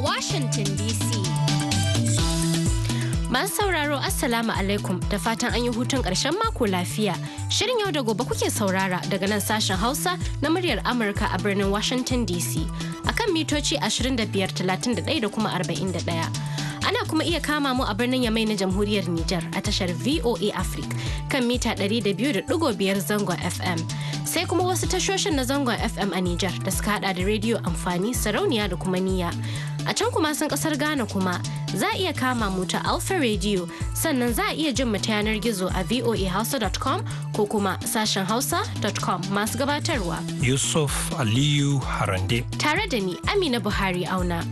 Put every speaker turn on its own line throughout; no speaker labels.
Washington DC. Masu sauraro Assalamu alaikum da fatan an yi hutun ƙarshen mako lafiya. Shirin yau da gobe kuke saurara daga nan sashen Hausa na muryar Amurka a birnin Washington DC. kan mitoci 2531 da kuma 41. Ana kuma iya kama mu a birnin Yamai na Jamhuriyar Nijar a tashar VOA Africa kan mita 200.5 zangon FM. Sai kuma wasu tashoshin na zangon FM a Nijar da suka hada da rediyo amfani sarauniya da kuma niyya. A can kuma sun kasar Ghana kuma za a iya kama mu ta Alpha Radio sannan za a iya jin mu ta yanar gizo a voahausa.com ko kuma sashen hausa.com masu gabatarwa.
Yusuf Aliyu Harande.
Tare da ni Amina Buhari auna.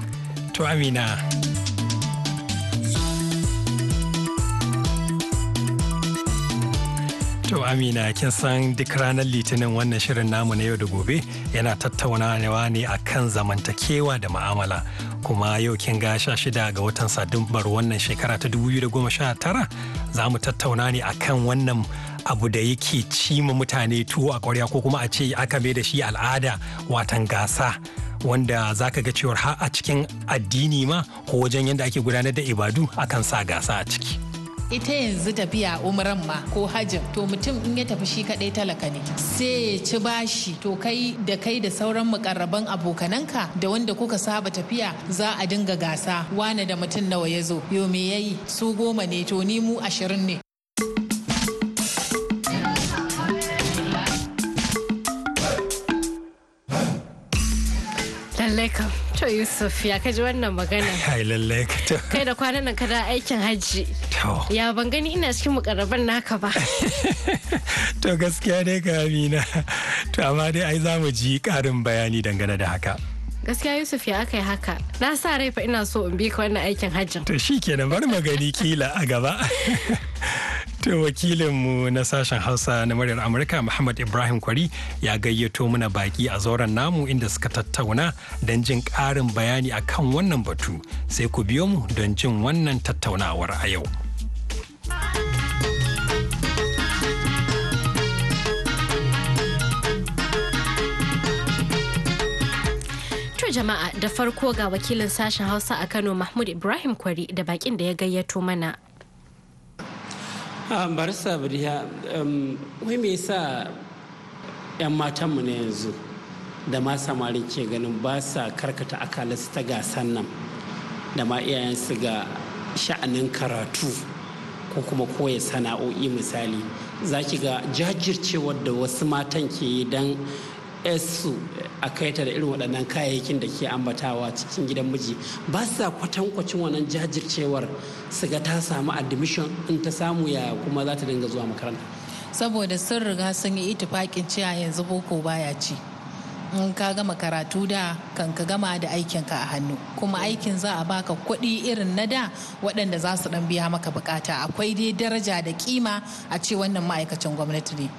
To Amina. To Amina kin san duk ranar litinin wannan shirin namu na yau da gobe yana tattaunawa ne a kan zamantakewa da ma'amala kuma yau kin ga sha shida ga watan sadumbar wannan shekara ta 2019 za mu tattauna ne akan wannan abu da yake cima mutane tuwo a ƙwarya ko kuma a ce aka mai da shi al'ada watan gasa wanda za ka ga cewar har a cikin addini ma ko wajen yadda ake gudanar da ibadu akan sa gasa a ciki.
ita yanzu tafiya umran ma ko hajjin to mutum in ya tafi shi kadai talaka ne sai ya ci bashi to kai da kai da sauran mukarraban abokananka da wanda kuka saba tafiya za a dinga gasa wane da mutum nawa ya zo yo me yayi su goma ne to ni mu ashirin ne To Yusuf
ya kaji wannan magana.
Ai lalle ka
Kai da kwanan nan kada aikin hajji. To. Ya ban gani ina cikin mukarraban naka ba.
to gaskiya dai ka Amina. To amma dai ai za mu ji karin bayani dangane da haka.
gaskiya yusuf ya aka yi haka na sa rai fa ina so in bi ka wannan aikin hajjin
to shi bari magani kila a gaba To wakilinmu na sashen Hausa na muryar Amurka Muhammad Ibrahim Kwari ya gayyato mana baki a zauren namu inda suka tattauna don jin ƙarin bayani a kan wannan batu sai ku biyo mu don jin wannan tattaunawar a yau.
jama'a da farko ga wakilin sashen hausa a kano mahmud ibrahim kwari da bakin da ya gayyato mana
Ah, barista buriya um, wai me yasa 'yan matan mu na yanzu da ma samari ke ganin ba sa karkata akalinsu ta gasan nan da ma iyayensu ga sha'anin karatu ko kuma koya sana'o'i misali za ki ga jajircewar da wasu matan ke yi don su a kai ta da irin waɗannan kayayyakin da ke ambatawa cikin gidan miji ba sa kwatankwacin wannan jajircewar su ga ta samu admission in ta samu ya kuma za ta dinga zuwa makaranta
saboda sun riga sun yi itifakin cewa yanzu boko baya ci in ka gama karatu da kan ka gama da aikinka a hannu kuma aikin za a baka kuɗi irin na da waɗanda za su ɗan biya maka bukata akwai dai daraja da kima a ce wannan ma'aikacin gwamnati ne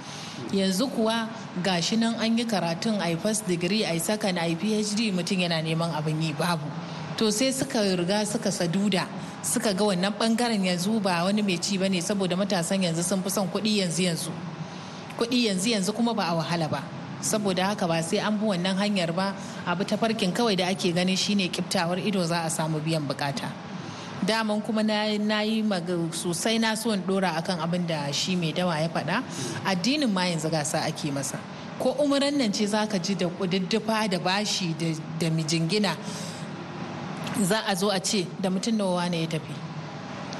yanzu kuwa gashi nan an yi karatun a first degree a second a phd mutum yana neman abin yi babu to sai suka riga suka saduda suka ga wannan bangaren yanzu ba wani mai ci bane saboda matasan yanzu sun fi son kuɗi yanzu yanzu kuɗi yanzu yanzu kuma ba a wahala ba saboda haka ba sai an bi wannan hanyar ba abu ta farkin kawai da ake ganin shine kiftawar ido za a samu biyan bukata. daman kuma na yi sosai na so in dora akan abin da shi mai dawa ya faɗa addinin ma yanzu gasa ake masa ko umaran nan ce za ka ji da kududdufa da bashi da mijingina za a zo a ce da mutum nawa ne ya tafi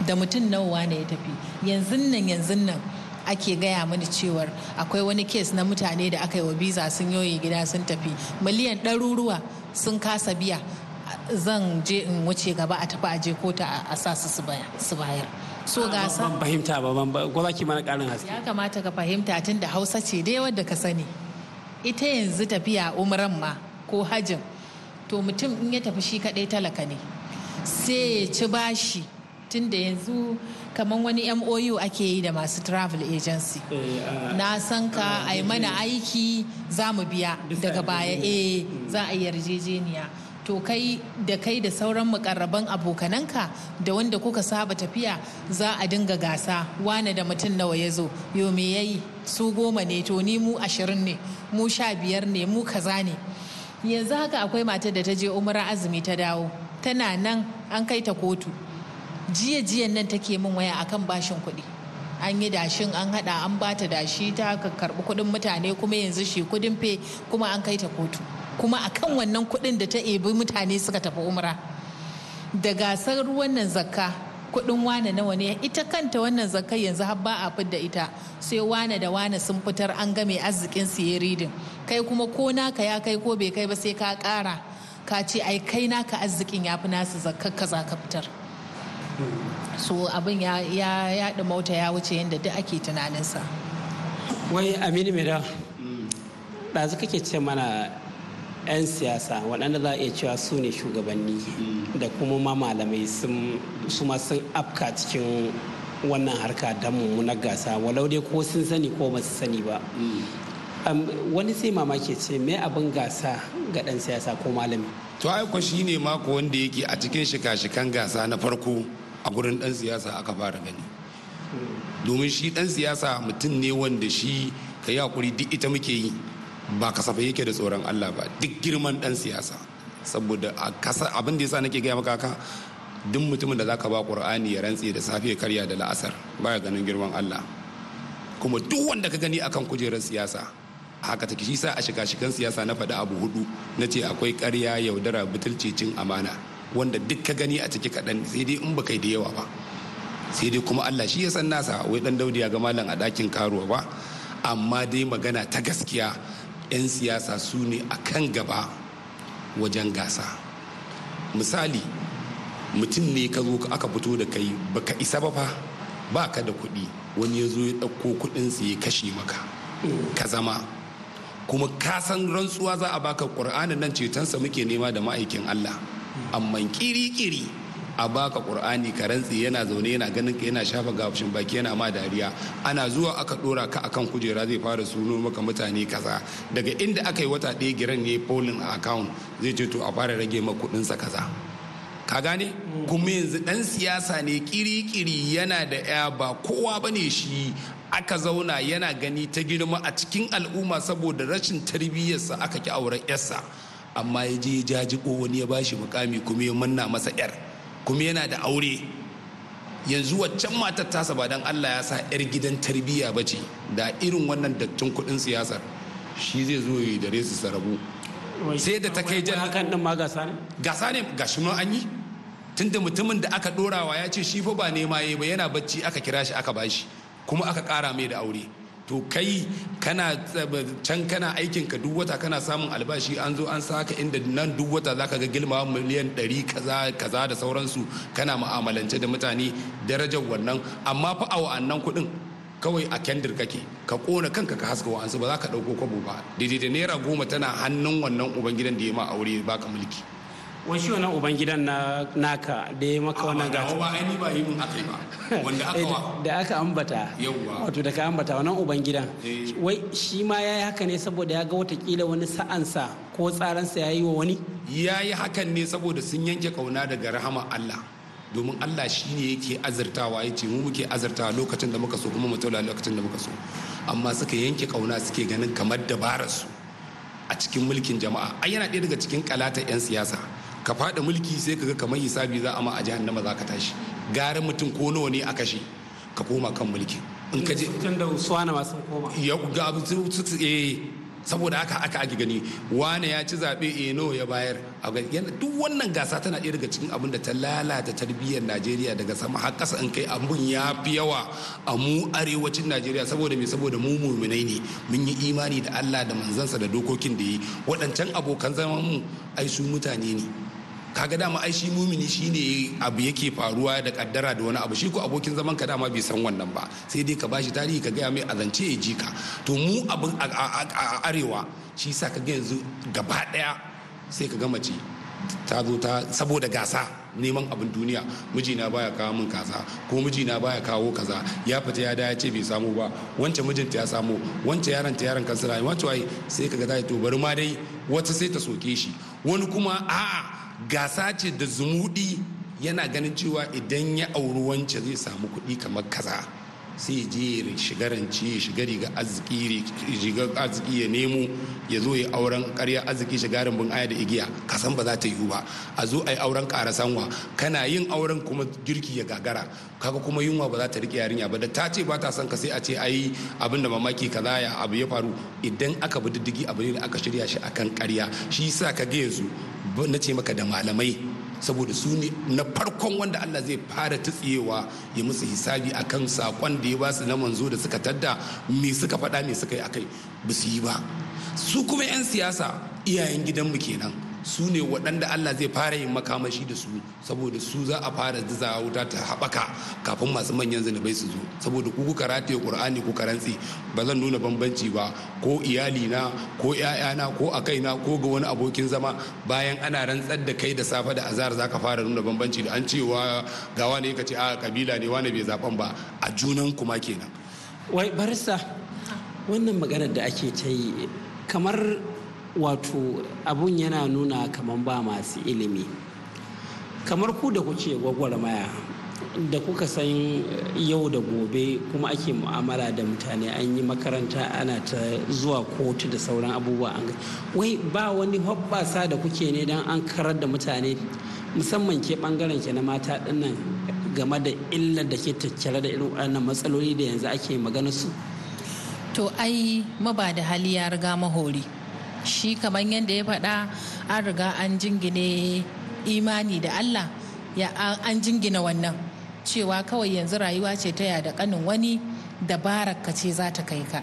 da mutum nawa ne ya tafi yanzu nan yanzu nan ake gaya mani cewar akwai wani kes na mutane da aka yi wa biza sun yoyi gida sun tafi miliyan ɗaruruwa sun kasa biya zan je in wuce gaba a tafi aje ta a sa su su bayar so gasa ban
fahimta ba ban ko zaki mana karin haske ya
kamata ka fahimta tun da Hausa ce dai wadda ka sani ita yanzu tafiya umran ma ko hajin to mutum in ya tafi shi kadai talaka ne sai ya ci bashi tun da yanzu kamar wani MOU ake yi da masu travel agency eh, na san ka a mana aiki za mu biya daga baya eh hmm. za a yi yarjejeniya to kai da kai da sauran mukarraban abokananka da wanda kuka saba tafiya za a dinga gasa wane da mutum nawa ya zo yo me yayi su goma ne to ni mu ashirin ne mu sha biyar ne mu kaza ne yanzu haka akwai matar da ta je umara azumi ta dawo tana nan an kai ta kotu jiya jiyan nan take min waya akan bashin kuɗi an yi dashin an hada an bata dashi ta karɓi kuɗin mutane kuma yanzu shi kuɗin fe kuma an kai ta kotu kuma a kan wannan kuɗin da ta ebi mutane suka tafi umra da gasar ruwan nan zakka kuɗin wane nawa ne ita kanta wannan zakka yanzu har ba a fidda ita sai wane da wane sun fitar an game arzikin su ya ridin kai kuma ko naka ya kai ko bai kai ba sai ka ƙara ka ce ai kai naka arzikin ya fi nasu zakkar ka za ka fitar so abin ya ya mota ya wuce yadda duk ake tunaninsa
wai aminu mai da mm. ɗazu kake ce mana 'yan siyasa waɗanda za a iya cewa su ne shugabanni da kuma ma malamai su ma sun afka cikin wannan harka don mummunar gasa walau dai ko sun sani ko ba su sani ba mm. wani sai mamaki ce me abin gasa ga ɗan siyasa ko malami
to aiko shi ne mako wanda yake a cikin shika-shikan gasa na farko a gurin ɗan siyasa aka fara gani mm. domin shi ɗan siyasa mutum ne wanda shi ka yi hakuri duk ita muke yi ba kasafai yake da tsoron Allah ba duk girman dan siyasa saboda abin da yasa nake gaya maka haka duk mutumin da zaka ba Qur'ani ya rantse da safe karya da la'asar baya ganin girman Allah kuma duk wanda ka gani akan kujerar siyasa haka take shi sa a shiga shikan siyasa na faɗi abu hudu na ce akwai ƙarya yaudara butulci cin amana wanda duk ka gani a ciki kaɗan sai dai in bakai yi da yawa ba sai dai kuma Allah shi ya san nasa wai dan daudi ya ga malam a ɗakin karuwa ba amma dai magana ta gaskiya 'yan siyasa su ne a kan gaba wajen gasa misali mutum ne ka zo aka fito da kai baka isa ba fa ba ka da kuɗi wani ya zo ya ɗauko kuɗin kuɗinsa ya kashe maka ka zama kuma ka san rantsuwa za a baka ƙur'anin nan cetonsa muke nema da ma'aikin allah amma kiri-kiri a baka qur'ani ka rantsi yana zaune yana ganin ka yana shafa gafshin baki yana ma dariya ana zuwa aka dora ka akan kujera zai fara suno maka mutane kaza daga inda aka yi wata ɗaya giran ne polin a account zai ce to a fara rage ma sa kaza ka gane kuma yanzu dan siyasa ne kiri-kiri yana da ya ba kowa bane shi aka zauna yana gani ta girma a cikin al'umma saboda rashin tarbiyyarsa aka ki auren yarsa amma ya je ya jaji wani ya bashi mukami kuma ya manna masa yar kuma yana da aure yanzu waccan matar tasa ba don Allah ya sa 'yar gidan tarbiyya ba ce da irin wannan dattin kuɗin siyasar shi zai zo ya dare su sarabu sai da ta kai jan hakan din ma gasa ne gasa ne shi mun an yi tunda mutumin da aka dorawa ya ce shi fa ba nema yayi ba yana bacci aka kira shi aka bashi kuma aka kara mai da aure to kai kana can kana aikin ka duk wata kana samun albashi an zo an saka inda nan duk wata zaka ga gilma miliyan 100 kaza kaza da sauransu kana mu'amalance da mutane darajar wannan amma fa a wa'annan kuɗin kawai a kendir kake ka kona kanka ka haska wa'ansu ba za ka ɗauko kwabo ba daidai da naira goma tana hannun wannan ubangidan da ya ma aure baka mulki wai shi wannan
ubangidan na naka da ya maka wannan gata ba ai ni ba yi mun akai ba wanda aka eh, wa da aka ambata yawa wato da ka ambata wannan gidan eh. wai shi ma yayi haka ne saboda ya
ga watakila wani sa'ansa ko tsaransa yi wa wani yayi hakan ne saboda sun yanke kauna daga rahama Allah domin Allah shi ne yake azurtawa ya ce mu muke azurtawa lokacin da muka so kuma mu lokacin da muka so amma suka yanke kauna suke ganin kamar dabararsu a cikin mulkin jama'a ai yana daya daga cikin kalata 'yan siyasa ka fada mulki sai ka ga kamar hisabi za a ma a jahannama za ka tashi gara mutum ko nawa ne a kashe ka koma kan mulki in ka je eh, Tunda suwa na masu koma ya ga eh, saboda haka aka ake gani wane ya ci zaɓe eno eh, ya bayar duk wannan gasa tana ɗaya daga cikin abin da ta lalata tarbiyyar najeriya daga sama har ƙasa in kai abin ya fi yawa a mu arewacin najeriya saboda me saboda mu muminai ne mun yi imani da allah da manzansa da dokokin da yi waɗancan abokan zaman mu ai su mutane ne kaga dama ai shi mumini shine abu yake faruwa da kaddara da wani abu shi ko abokin zaman ka dama bai san wannan ba sai dai ka bashi tarihi ka gaya mai azance ya ji ka to mu abin a arewa shi sa ka ga yanzu gaba daya sai ka gama mace ta zo ta saboda gasa neman abin duniya mijina baya kawo min kaza ko mijina baya kawo kaza ya fita ya ya ce bai samu ba wancan mijinta ya samu wancan yaron ta yaron kansu rayuwa sai kaga ta to bari ma dai wata sai ta soke shi wani kuma a'a gasa ce da zumudi yana ganin cewa idan ya auri wance zai samu kuɗi kamar kaza sai je ya shiga rance ya shiga riga arziki ya nemo ya zo ya auren ƙarya arziki shiga rumbun aya da igiya kasan ba za ta yiwu ba a zo a yi auren ƙara sanwa kana yin auren kuma girki ya gagara kaga kuma yunwa ba za ta riƙe yarinya ba da ta ce ba ta son ka sai a ce ayi abin da mamaki kaza ya abu ya faru idan aka bi diddigi abu ne da aka shirya shi akan karya shi yasa ka ga yanzu na ce maka da malamai saboda su ne na farkon wanda Allah zai fara tutsiyewa ya musu hisabi a kan sakon da ya ba su na manzo da suka tadda me suka faɗa me suka yi akai ba su yi ba su kuma 'yan siyasa iyayen gidanmu kenan su ne waɗanda Allah zai fara yin makamashi da su saboda su za a fara zuza wuta ta haɓaka kafin masu manyan zunubai su zo saboda ku kuka rataye ƙur'ani ku karantsi ba zan nuna bambanci ba ko iyali na ko ƴaƴana ko a kaina ko ga wani abokin zama bayan ana rantsar da kai da safe da azhar zaka fara nuna bambanci da an cewa ga wani ka ce a kabila ne wani bai zaben ba a junan kuma kenan
wai barista wannan maganar da ake ta yi kamar wato abun yana nuna kamar ba masu ilimi kamar ku da kuke gwagwarmaya da kuka san yau da gobe kuma ake mu'amala da mutane an yi makaranta ana ta zuwa kotu da sauran abubuwa an wai ba wani hobbasa da kuke ne don an karar da mutane musamman ke bangaren ke na mata dinnan game da illar da ke tattare da irin wannan matsaloli da yanzu ake magana su
to ai maba da hali ya riga mahori shi kamar yadda ya faɗa an riga an jingine imani da allah ya an jingina wannan cewa kawai yanzu rayuwa ce ta da kanin wani dabarar ka ce za ta kai ka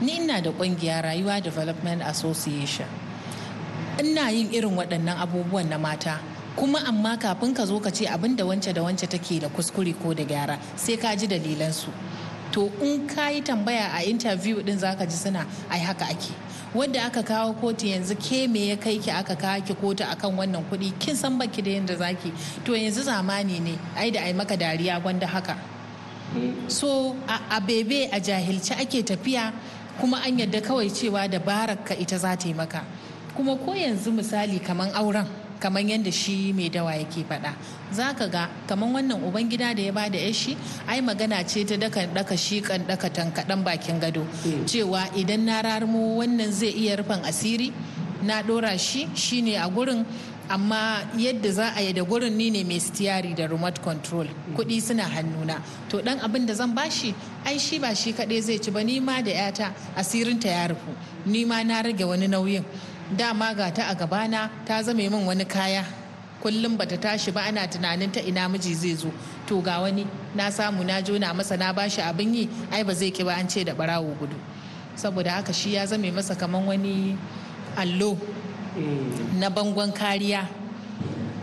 ni ina da kungiya rayuwa development association ina yin irin waɗannan abubuwan na mata kuma amma kafin ka zo ka ce abin da wance da wance take da kuskure ko da gyara sai ka ji dalilansu to in ka yi tambaya a interview din zaka ji suna ai haka ake wadda aka kawo kotu yanzu ke me ya kai ki aka kawo ki kotu akan wannan kuɗi kin san baki da yadda zaki to yanzu zamani ne ai da ai maka dariya gwanda haka so a bebe a jahilci ake tafiya kuma an yadda kawai cewa dabarar ka ita za ta yi maka kuma ko yanzu misali kaman auren kamar yadda shi mai dawa yake faɗa za ka ga kamar wannan ubangida da ya ba da shi ai magana ce ta daka daka shi kan daka tankaɗan bakin gado hmm. cewa idan na rarmo wannan zai iya rufin asiri na ɗora shi shine a gurin amma yadda za a yi da gurin ni ne mai stiyari da remote control hmm. kuɗi suna hannuna to dan abin da zan bashi ai shi ba shi kaɗai zai ci ba ni ma da 'yata asirinta ya rufu ni ma na rage wani nauyin dama ga ta a gabana ta zame min wani kaya kullum bata tashi ba ana tunanin ta ina miji zai zo to ga wani na samu na jona masa na bashi abin yi ai ba zai ki ba an ce da barawo gudu saboda haka shi ya zame masa kaman wani allo eh. na bangon kariya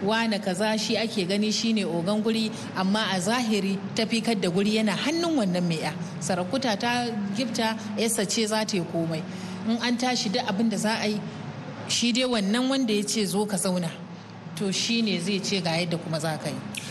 wane kaza shi ake gani shine ogan guri amma a zahiri tafikar da guri yana hannun wannan mai'a sarakuta ta gifta yasa ce za ta yi komai in an tashi duk abin da za a yi shi dai wannan wanda ya ce zo ka zauna to shi ne zai ce ga yadda kuma za ka yi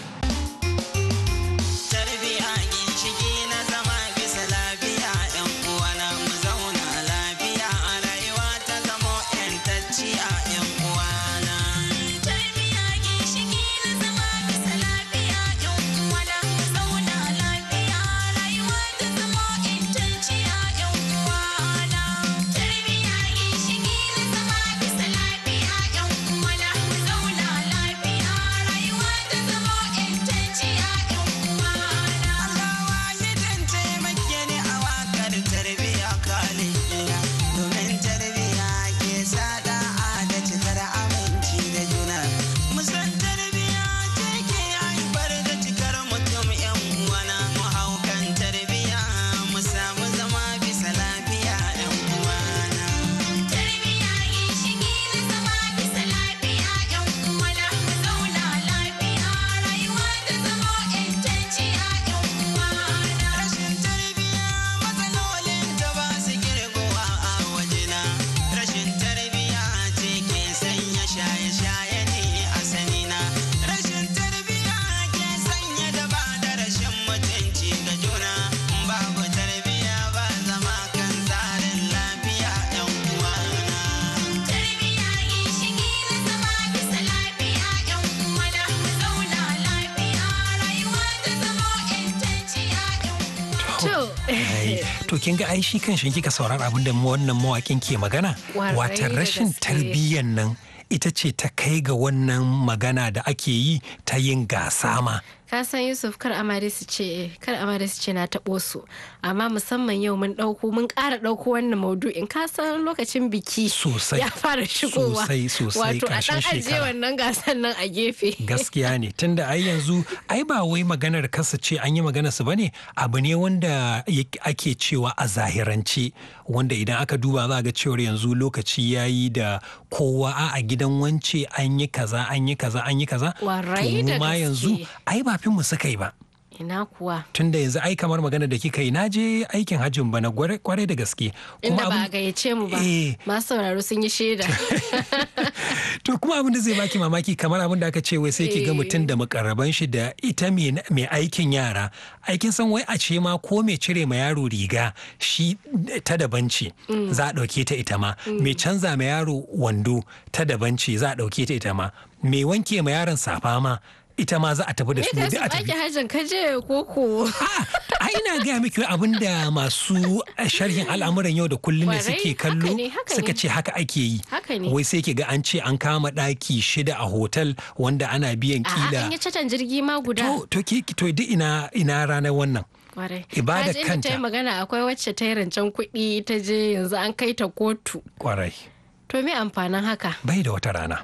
yi
to kin ga ai kan shi kika saurara abin da wannan mawakin ke magana
wata rashin tarbiyyan
nan ita ce ta kai ga wannan magana da ake yi ta yin gasa ma
ka san yusuf kar amare su ce eh, kar amare su ce na taɓo su amma musamman yau mun ɗauko mun ƙara ɗauko wannan maudu'in ka san lokacin biki sosai ya fara shigowa sosai wato a ɗan ajiye wannan gasan nan a gefe
gaskiya ne tunda ai yanzu ai ba wai maganar kasa ce an yi maganar su bane abu ne wanda ake cewa a zahirance wanda idan aka duba za ga cewar yanzu lokaci ya yi da kowa a gidan wance an yi kaza an yi kaza an yi kaza to ma yanzu ai ba mu suka yi ba
ina kuwa
tunda yanzu ai kamar magana da kika yi na je aikin hajjin bana kwarai da gaske inda ba
a gayyace mu ba eh. masu sauraro sun yi shaida
to kuma abin da zai baki mamaki kamar abin da aka ce wai sai ki ga eh. mutum da makarraban shi da ita mai aikin yara aikin san wai a ce ma ko mai cire ma yaro riga shi ta daban ce mm. za a ɗauke ta ita ma mm. mai canza ma yaro wando ta daban ce za a ɗauke ta ita ma mai wanke ma yaron safa ma ita ma za a tafi da su ne a tafi.
hajjan je koko. A ah, ina gaya
miki abin da masu eh, sharhin al'amuran yau da kullum da suke kallo suka ce haka ake yi. Wai sai ke ga an ce an kama ɗaki shida a hotel wanda ana biyan kila. An yi
cacan jirgi ma guda.
To ke to duk ina ina ranar wannan.
kwarai ibada kanta ta magana akwai wacce ta yi rancen kuɗi ta je yanzu an kai ta kotu kwarai to me amfanin haka
bai da wata rana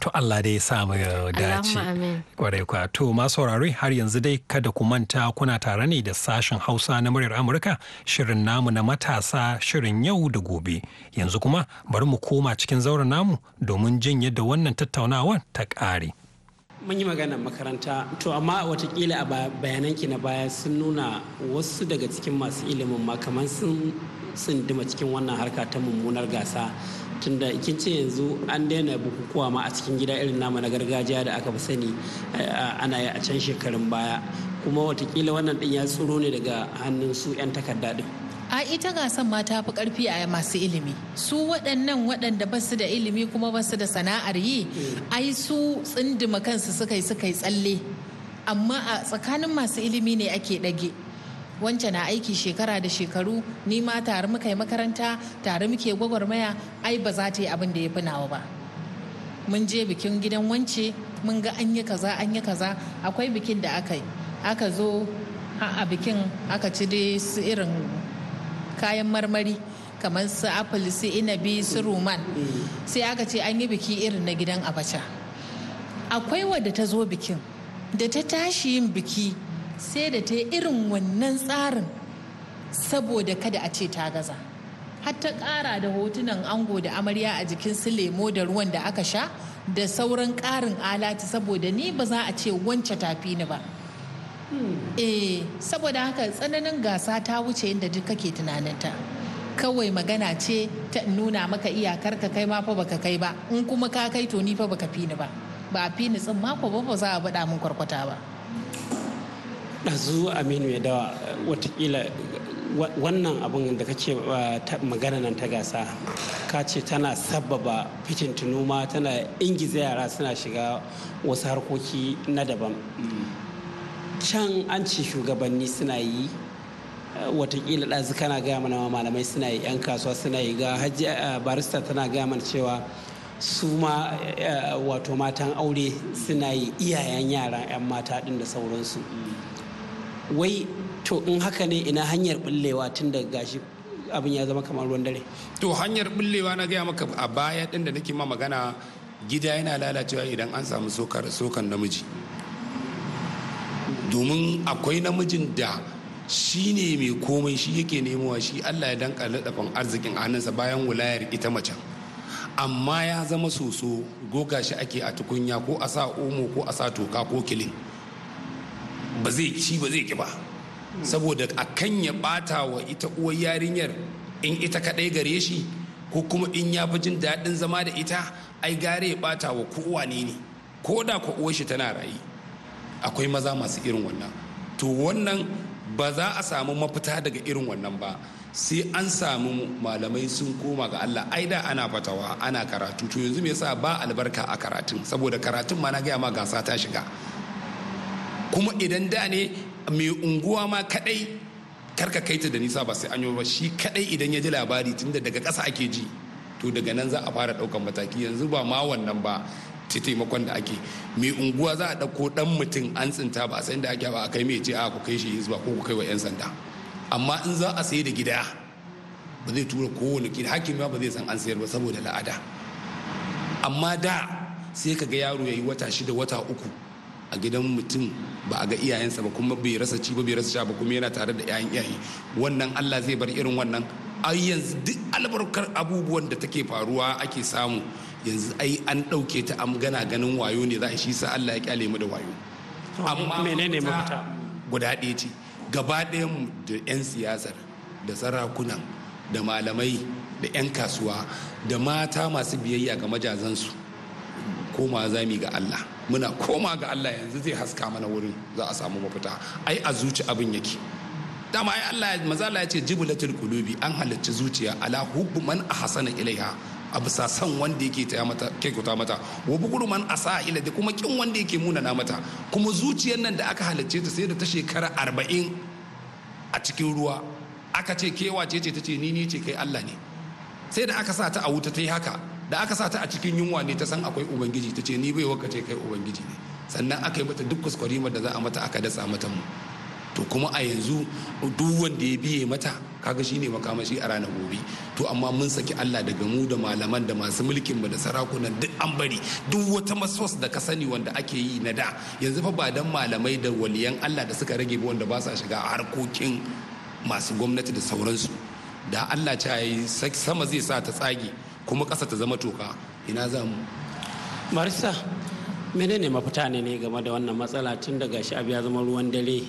To Allah dai ya sa mu dace. Kwarai kwa. To masu saurari har yanzu dai kada ku manta kuna tare ne da sashen Hausa na muryar Amurka shirin namu na matasa shirin yau da gobe. Yanzu kuma bari mu koma cikin zauren namu domin jin yadda wannan tattaunawar ta ƙare.
mun yi maganar makaranta to amma watakila a bayananki na baya sun nuna wasu daga cikin masu ilimin ma kamar sun dima cikin wannan harka ta mummunar gasa tunda kin ce yanzu an daina bukukuwa ma a cikin gida irin nama na gargajiya da aka fi sani eh, ana yi a can shekarun baya kuma watakila wannan din ya tsoro ne daga hannun su 'yan takarda din
a ita gasan ma ta fi karfi a masu ilimi su waɗannan waɗanda ba su da ilimi kuma ba su da sana'ar yi mm. ai su tsindima kansu suka yi suka yi tsalle amma a tsakanin masu ilimi ne ake ɗage wance na aiki shekara da shekaru ni ma tare muka yi makaranta tare muke gwagwarmaya ai ba za ta yi abin da ya fi nawa ba mun je bikin gidan wance mun ga an yi kaza an yi kaza akwai bikin da aka yi aka zo a bikin aka ci dai su irin kayan marmari kamar su apple su inabi su ruman sai aka ce an yi biki irin na gidan abacha akwai wadda ta zo bikin da ta tashi yin biki sai da ta yi irin wannan tsarin saboda kada a ce ta gaza har ta ƙara da hotunan ango da amarya a jikin su lemo da ruwan da aka sha da sauran karin alati saboda ni ba za a ce wance tafi ni ba hmm. eh saboda haka tsananin gasa ta wuce yadda duk kake tunaninta kawai magana ce ta nuna maka iyakar ka kai ma fa baka kai ba in kuma ka kai to ni fa baka fi ni ba ba fi ni tsin mako ba ba za a baɗa min kwarkwata ba
ɗazu aminu ya dawa watakila wannan abin da kake magana nan ta gasa ka ce tana sababa fitin tunuma tana ingiza yara suna shiga wasu harkoki na daban can an ce shugabanni suna yi watakila ɗazu kana gaya mana malamai suna yi 'yan kasuwa suna yi ga hajji barista tana gaya mana cewa su ma eh, wato matan aure suna yi iyayen yara 'yan mata ɗin da sauransu wai to in haka ne
ina hanyar bullewa tun da gashi abin ya zama kamar ruwan dare to hanyar bullewa na gaya maka a baya din da nake ma magana gida yana lalacewa idan an samu sokan namiji domin akwai namijin da shi ne mai komai shi yake nemowa shi allah ya danka ladafin arzikin hannunsa bayan wulayar ita mace amma ya zama soso goga shi ake a tukunya ko a sa omo ko a sa toka ko kilin ba zai ci ba zai ki ba saboda a kan ya bata wa ita uwar yarinyar in ita kadai gare shi ko kuma in ya fi jin daɗin zama da ita ai gare ya bata wa kuwa ne ne ko da ko uwar shi tana rayu akwai maza masu irin wannan to wannan ba za a samu mafita daga irin wannan ba sai an samu malamai sun koma ga Allah ai da ana fatawa ana karatu to yanzu me yasa ba albarka a karatun saboda karatun ma na gaya ma gasa ta shiga kuma idan da ne mai unguwa ma kadai karka kai ta da nisa ba sai an yi ba shi kadai idan ya ji labari tunda daga ƙasa ake ji to daga nan za a fara ɗaukan mataki yanzu ba ma wannan ba ta taimakon da ake mai unguwa za a ɗauko ɗan mutum an tsinta ba a san da ake ba a kai mai ce a ku kai shi zuwa ko ku kai wa 'yan sanda amma in za a sayi da gida ba zai tura kowane gida hakim ba zai san an sayar ba saboda la'ada amma da sai ka ga yaro ya yi wata shida wata uku a gidan mutum ba a ga iyayensa ba kuma bai rasa ci ba bai rasa sha ba kuma yana tare da 'ya'yan iyaye wannan Allah zai bar irin wannan ai yanzu duk albarkar abubuwan da take faruwa ake samu yanzu ai an ɗauke ta am gana ganin wayo ne za a shi sa Allah ya kyale mu da wayo amma menene mafita guda ɗaya ce gaba ɗaya mu da 'yan siyasar da sarakunan da malamai da 'yan kasuwa da mata masu biyayya ga majazansu koma zami ga Allah muna koma ga Allah yanzu zai haska mana wurin za a samu mafita ai a zuci abin yake dama ai Allah mazala ya ce jibulatul qulubi an halarci zuciya ala hubbu man ahsana ilaiha a bisa san wanda yake taya mata mata wa bukuru man asa ila da kuma kin wanda yake munana mata kuma zuciyar nan da aka halacce ta sai da ta shekara arba'in a cikin ruwa aka ce kewa ce ce ta ce ni ni ce kai Allah ne sai da aka sa ta a wuta ta yi haka da aka sa a cikin yunwa ne ta san akwai ubangiji ta ce ni bai ce kai ubangiji ne sannan aka yi mata duk kuskurimar da za a mata aka dasa mata mu to kuma a yanzu duk wanda ya biye mata kaga shine makamashi a ranar gobe to amma mun saki Allah daga mu da malaman da masu mulkin mu da sarakunan duk an bari duk wata masos da ka sani wanda ake yi na da yanzu fa ba dan malamai da waliyan Allah da suka rage ba wanda ba sa shiga harkokin masu gwamnati da sauransu da Allah ta yi sama zai sa ta tsage kuma ƙasa ta zama toka
ina za mu marisa menene mafita ne ne game da wannan matsala tun daga shi abu ya zama ruwan dare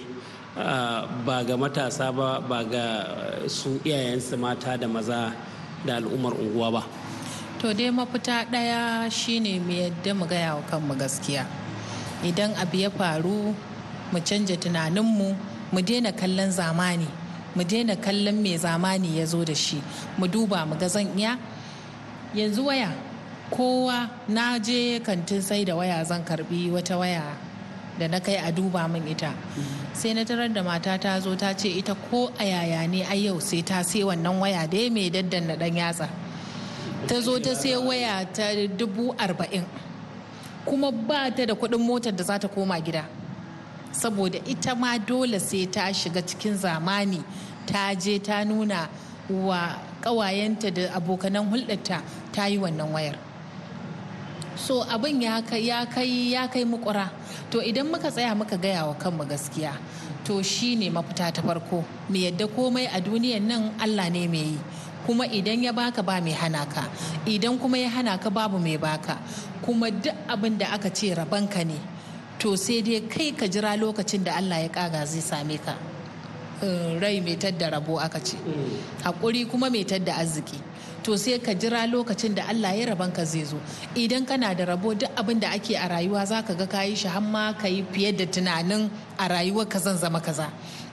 ah, ba ga matasa ba ba ga su iyayensu mata da maza da al'ummar unguwa ba
to dai mafita ɗaya shine mu yadda mu gaya wa kanmu gaskiya idan abu ya faru mu canja tunaninmu mu daina kallon zamani mu daina kallon mai zamani ya zo da shi mu duba mu ga zan iya yanzu waya kowa na je kantin sai da waya zan karbi wata waya da na kai a duba min ita sai na tarar da mata ta zo ta ce ita ko a yaya ne a yau sai ta sai wannan waya da ya mai daddan na dan yatsa ta zo ta sai waya ta dubu arba'in kuma ba ta da kuɗin motar da za ta koma gida saboda ita ma dole sai ta shiga cikin zamani ta je ta nuna wa ƙawayenta da abokanan hulɗarta ta yi wannan wayar so abin ya kai ya kai mukura to idan muka tsaya muka gaya wa kanmu gaskiya to shi ne mafita ta farko mu yadda komai a duniyan nan allah ne mai yi kuma idan ya baka ba mai hana ka idan kuma ya hana ka babu mai baka kuma duk abin da aka ce rabanka ne to sai dai kai ka jira lokacin da allah ya kaga zai same ka eh, rai mai tadda rabo aka ce mm. hakuri kuma mai tadda arziki to sai ka jira lokacin da Allah ya rabon ka zai zo idan kana da rabo duk abin da ake a rayuwa za ka ga kayi shi har ma ka yi fiye da tunanin a rayuwar ka zan zama kaza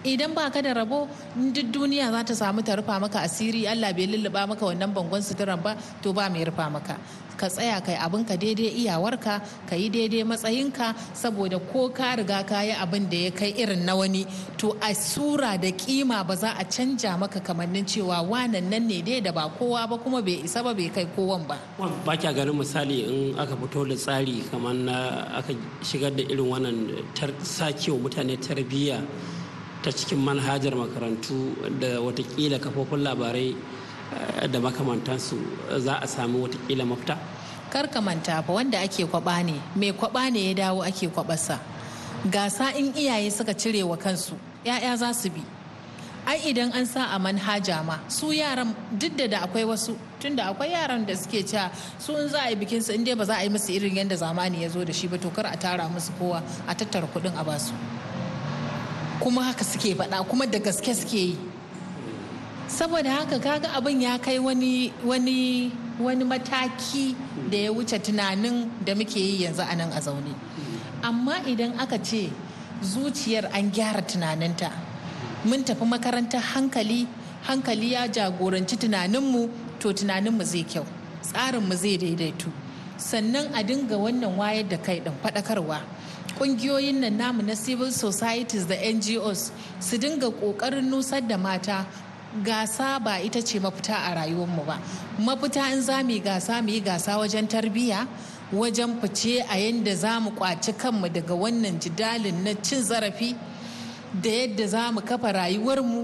idan ba ka da rabo duk duniya za ta samu ta rufa maka asiri allah bai lulluɓa maka wannan bangon suturan ba to ba mai rufa maka ka tsaya kai abin ka daidai iyawarka ka yi daidai matsayinka saboda ko ka riga ka yi abin da ya kai irin na wani to a sura da kima ba za a canja maka kamannin cewa wanan nan ne dai da ba kowa ba kuma bai isa ba bai kai kowan ba
ba kya ganin misali in aka fito da tsari kamar na aka shigar da irin wannan sakewa mutane tarbiyya ta cikin manhajar makarantu da watakila kafofin labarai eh, da makamantansu eh, za a samu watakila mafita?
karka manta fa wanda ake kwaba ne mai kwaba ne ya dawo ake kwabarsa gasa in iyaye suka cire wa kansu ya'ya za su bi ai idan an sa a manhaja ma su yaran duk da akwai wasu tunda akwai yaran da suke cewa su in za a yi bikin su in dai ba za a yi musu irin yadda zamani ya zo da shi ba to kar a tara musu kowa a tattara kuɗin a basu kuma haka suke faɗa kuma da gaske suke yi saboda haka kaga abin ya kai wani mataki da ya wuce tunanin da muke yi yanzu a nan a zaune amma idan aka ce zuciyar an gyara tunaninta mun tafi makarantar hankali hankali ya jagoranci tunaninmu to tunaninmu zai kyau tsarinmu zai daidaitu sannan a dinga wannan wayar da kai ɗin faɗakarwa kungiyoyin nan namu na civil societies da ngos su dinga kokarin nusar da mata gasa ba ita ce mafita a rayuwarmu ba mafita in za mu yi gasa mu yi gasa wajen tarbiyya wajen fice a yadda za mu kwaci kanmu daga wannan jidalin na cin zarafi da yadda za mu kafa rayuwarmu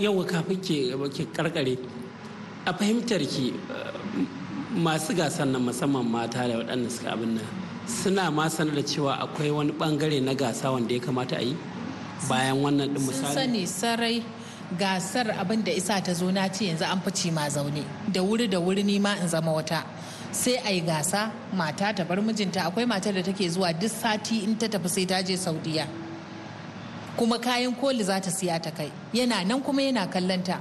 yau kafin ke karkare a fahimtar ki eh, masu gasan nan musamman mata da waɗanda suka abin nan suna ma sanar da cewa akwai wani bangare na gasa wanda ya kamata a yi bayan wannan din misali sani
sarai gasar abin da isa ta zo na ce yanzu an fice ma zaune da wuri da wuri ni ma in zama wata sai a yi gasa mata ta bar mijinta akwai matar da take zuwa duk sati in ta tafi sai ta je saudiya kuma kayan koli za ta siya ta kai yana nan kuma yana kallon ta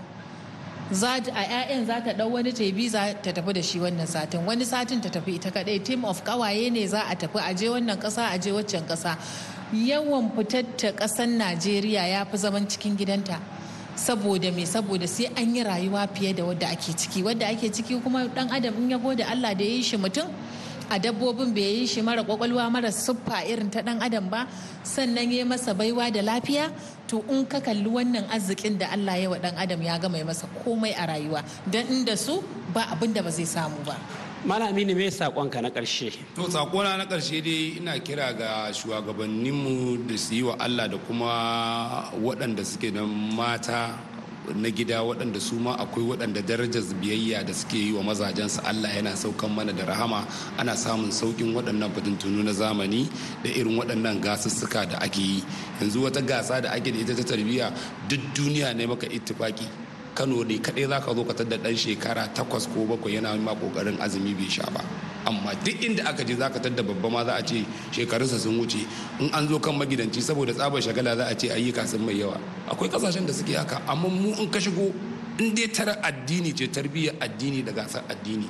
a 'ya'yan za ta ɗau wani tebi za ta tafi da shi wannan satin wani satin ta tafi ita kaɗai team of ƙawaye ne za a tafi a je wannan ƙasa a je waccan ƙasa yawan fitar ta ƙasar najeriya ya fi zaman cikin gidanta saboda me saboda sai an yi rayuwa fiye da wadda ake ciki wadda ake ciki kuma dan adam in ya gode allah da ya yi shi mutum a dabbobin bai yi shi mara kwakwalwa mara siffa irin ta dan adam ba sannan ya masa baiwa da lafiya to in ka kalli wannan arzikin da Allah ya wa dan adam ya gama masa komai a rayuwa dan inda su ba abin da ba zai samu ba
malami ne mai sakonka na karshe
to sakona na karshe dai ina kira ga shugabanninmu da su yi wa Allah da kuma waɗanda suke da mata na gida waɗanda su ma akwai waɗanda darajar biyayya da suke yi wa mazajensu Allah yana saukan mana da rahama ana samun saukin waɗannan fitintunu na zamani da irin waɗannan gasussuka da ake yi yanzu wata gasa da ake da ita ta tarbiyya duk duniya ne maka ittifaki kano ne kaɗai za ka zo ka tada ɗan shekara takwas ko bakwai yana ma kokarin azumi bai sha ba amma duk inda aka je za ka tada babba ma za a ce shekarunsa sun wuce in an zo kan magidanci saboda tsabar shagala za a ce ayyuka sun mai yawa akwai kasashen da suke haka amma mu in ka shigo in dai tara addini ce tarbiyyar addini da gasar addini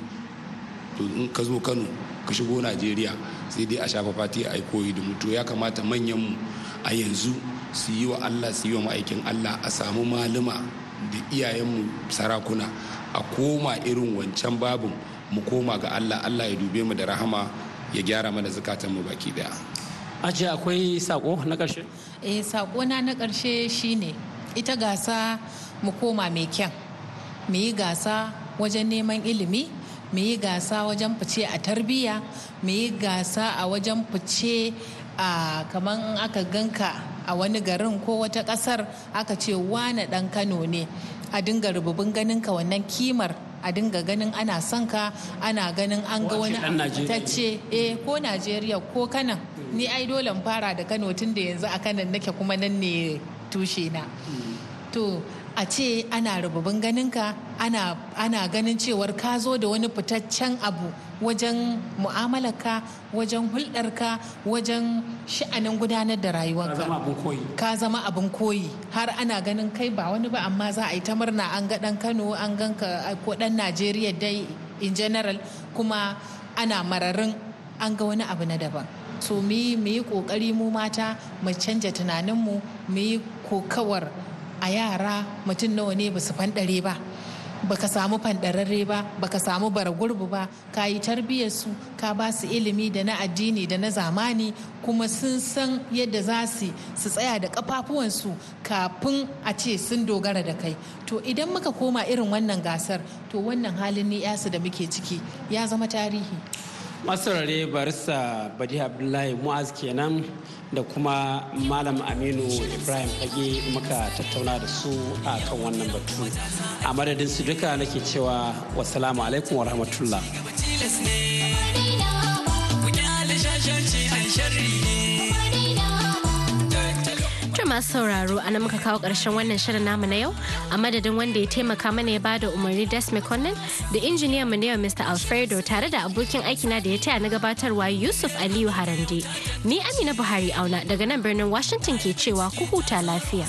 to in ka zo kano ka shigo najeriya sai dai a shafa fati a koyi da to ya kamata mu a yanzu su yi wa allah su yi wa ma'aikin allah a samu malama da iyayenmu sarakuna a koma irin wancan babin mu koma ga allah allah ya dube mu da rahama ya gyara mana mu baki daya aji akwai sako na karshe
eh sako na na karshe shine ita gasa mu koma mai kyan mu yi gasa wajen neman ilimi mu yi gasa wajen fice a tarbiyya mu yi gasa a wajen fice a kaman aka ganka a wani garin ko wata ƙasar aka ce wane ɗan kano ne a dinga rububin ganin ka wannan kimar a dinga ganin ana son ka ana ganin an ga wani ce eh ko najeriya ko kanan ni ai dole fara da kano tun da yanzu a kanan nake kuma nan ne tushe na hmm. to a ce ana rububin ganinka ana, ana ganin cewar ka zo da wani fitaccen abu wajen mu'amalarka wajen hulɗarka wajen sha'anin gudanar da rayuwarka ka zama abin koyi har ana ganin kai ba wani ba amma za a yi ta murna an ga ɗan kano an ganka ko ɗan najeriya dai in general kuma ana mararin an ga wani abu na daban so mu yi kokari mu mata mu canja tunaninmu mu yi kokawar a yara mutum nawa ne ba su fanɗare ba baka samu fandararre ba baka samu bara gurbu ba ka yi tarbiyyarsu ka ba su ilimi da na addini da na zamani kuma sun san yadda za su su tsaya da kafafuwansu kafin a ce sun dogara da kai to idan muka koma irin wannan gasar to wannan halin ni yasu da muke ciki ya zama tarihi
masarare barista badi abdullahi mu'az kenan da kuma malam aminu ibrahim fage muka tattauna da su a kan wannan batu a madadin su duka nake cewa wasalamu alaikum wa rahmatullah
masu sauraro a muka kawo ƙarshen wannan shirin namu na yau a madadin wanda ya taimaka mana ya bada umarni Des McConnell da injiniyan mu na yau Mr. Alfredo tare da abokin aikina da ya taya na gabatarwa Yusuf Aliyu Harande. Ni Amina Buhari auna daga nan birnin Washington ke cewa ku huta lafiya.